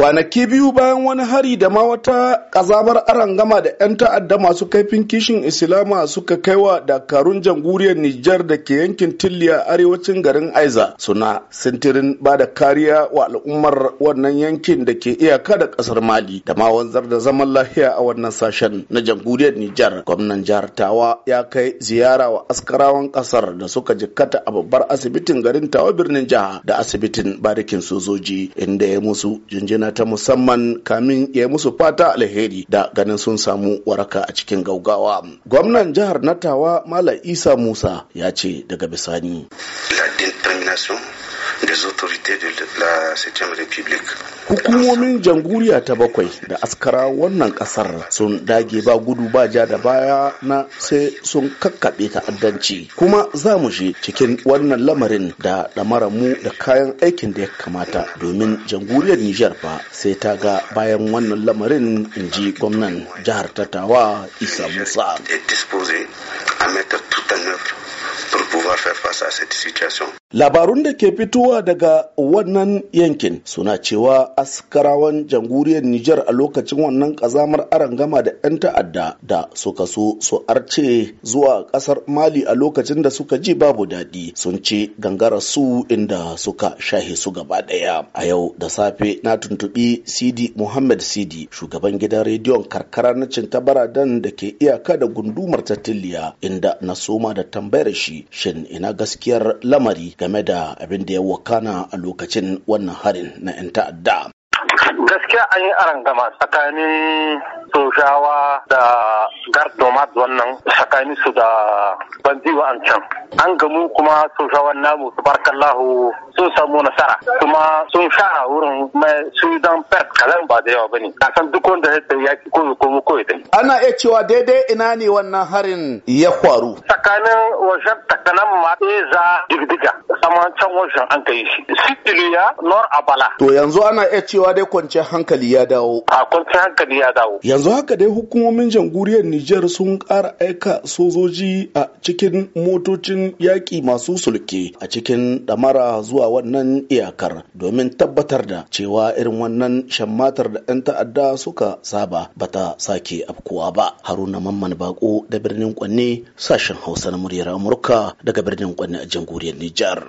kwanaki biyu bayan wani hari da ma wata kazamar arangama da 'yan ta'adda masu kaifin kishin islama suka kaiwa dakarun jamhuriyar nijar da ke yankin tilliya arewacin garin aiza suna sintirin ba da kariya wa al'ummar wannan yankin da ke iyaka da kasar mali da ma wanzar da zaman lafiya a wannan sashen na jamhuriyar nijar gwamnan jihar tawa ya kai ziyara wa askarawan ƙasar da suka jikkata a babbar asibitin garin tawa birnin jiha da asibitin barikin sojoji inda ya musu jinjina ta musamman kamin ya yi musu fata alheri da ganin sun samu waraka a cikin gaugawa. Gwamnan jihar Natawa Malam Isa Musa ya ce daga bisani. des autorités de la 7 République. Hukumomin janguriya ta bakwai da askara wannan kasar sun dage ba gudu ba ja da baya na sai sun kakkaɓe ta'addanci kuma za mu je cikin wannan lamarin da ɗamara mu da kayan aikin da ya kamata domin janguriyar Nijar ba sai ta ga bayan wannan lamarin in ji gwamnan jihar Tattawa Isa Musa. pour pouvoir faire face à cette situation. Labarun da ke fitowa daga wannan yankin suna cewa askarawan jamhuriyar Nijar a lokacin wannan kazamar arangama da 'yan ta'adda da suka so su arce zuwa kasar Mali a lokacin da suka ji babu daɗi sun ce gangarar su inda suka shahe su gaba ɗaya. A yau da safe na tuntuɓi Sidi Muhammad Sidi shugaban gidan rediyon karkara na Cintabaradan da ke iyaka da gundumar Tattiliya inda na soma da tambayar shi shin ina gaskiyar lamari game da abin da ya wakana a lokacin wannan harin na 'yan ta'adda. gaskiya an yi arangama tsakanin sojawa da gardomat wannan tsakanin su da banziwa an can an gamu kuma sojawan namu su barkallahu sun samu nasara kuma sun wurin mai su dan kalan ba da yawa bane kasan duk wanda ya tafi yaki ko ko ko ya ana iya cewa daidai ina ne wannan harin ya kwaru tsakanin wajen takanan ma eh, za digdiga saman can wajen an kai shi ya nor abala to yanzu ana iya cewa dai kwanciyar hankali ya dawo a kwanciyar hankali ya dawo yanzu haka dai hukumomin jamhuriyar Nijar sun ƙara aika sojoji a cikin motocin yaƙi masu sulke a cikin damara zuwa wannan iyakar domin tabbatar da cewa irin wannan shammatar da 'yan ta'adda suka saba bata sake afkuwa ba haruna mamman bako da birnin kwanne sashen hausa na muryar amurka daga birnin kwanne a jamhuriyar nijar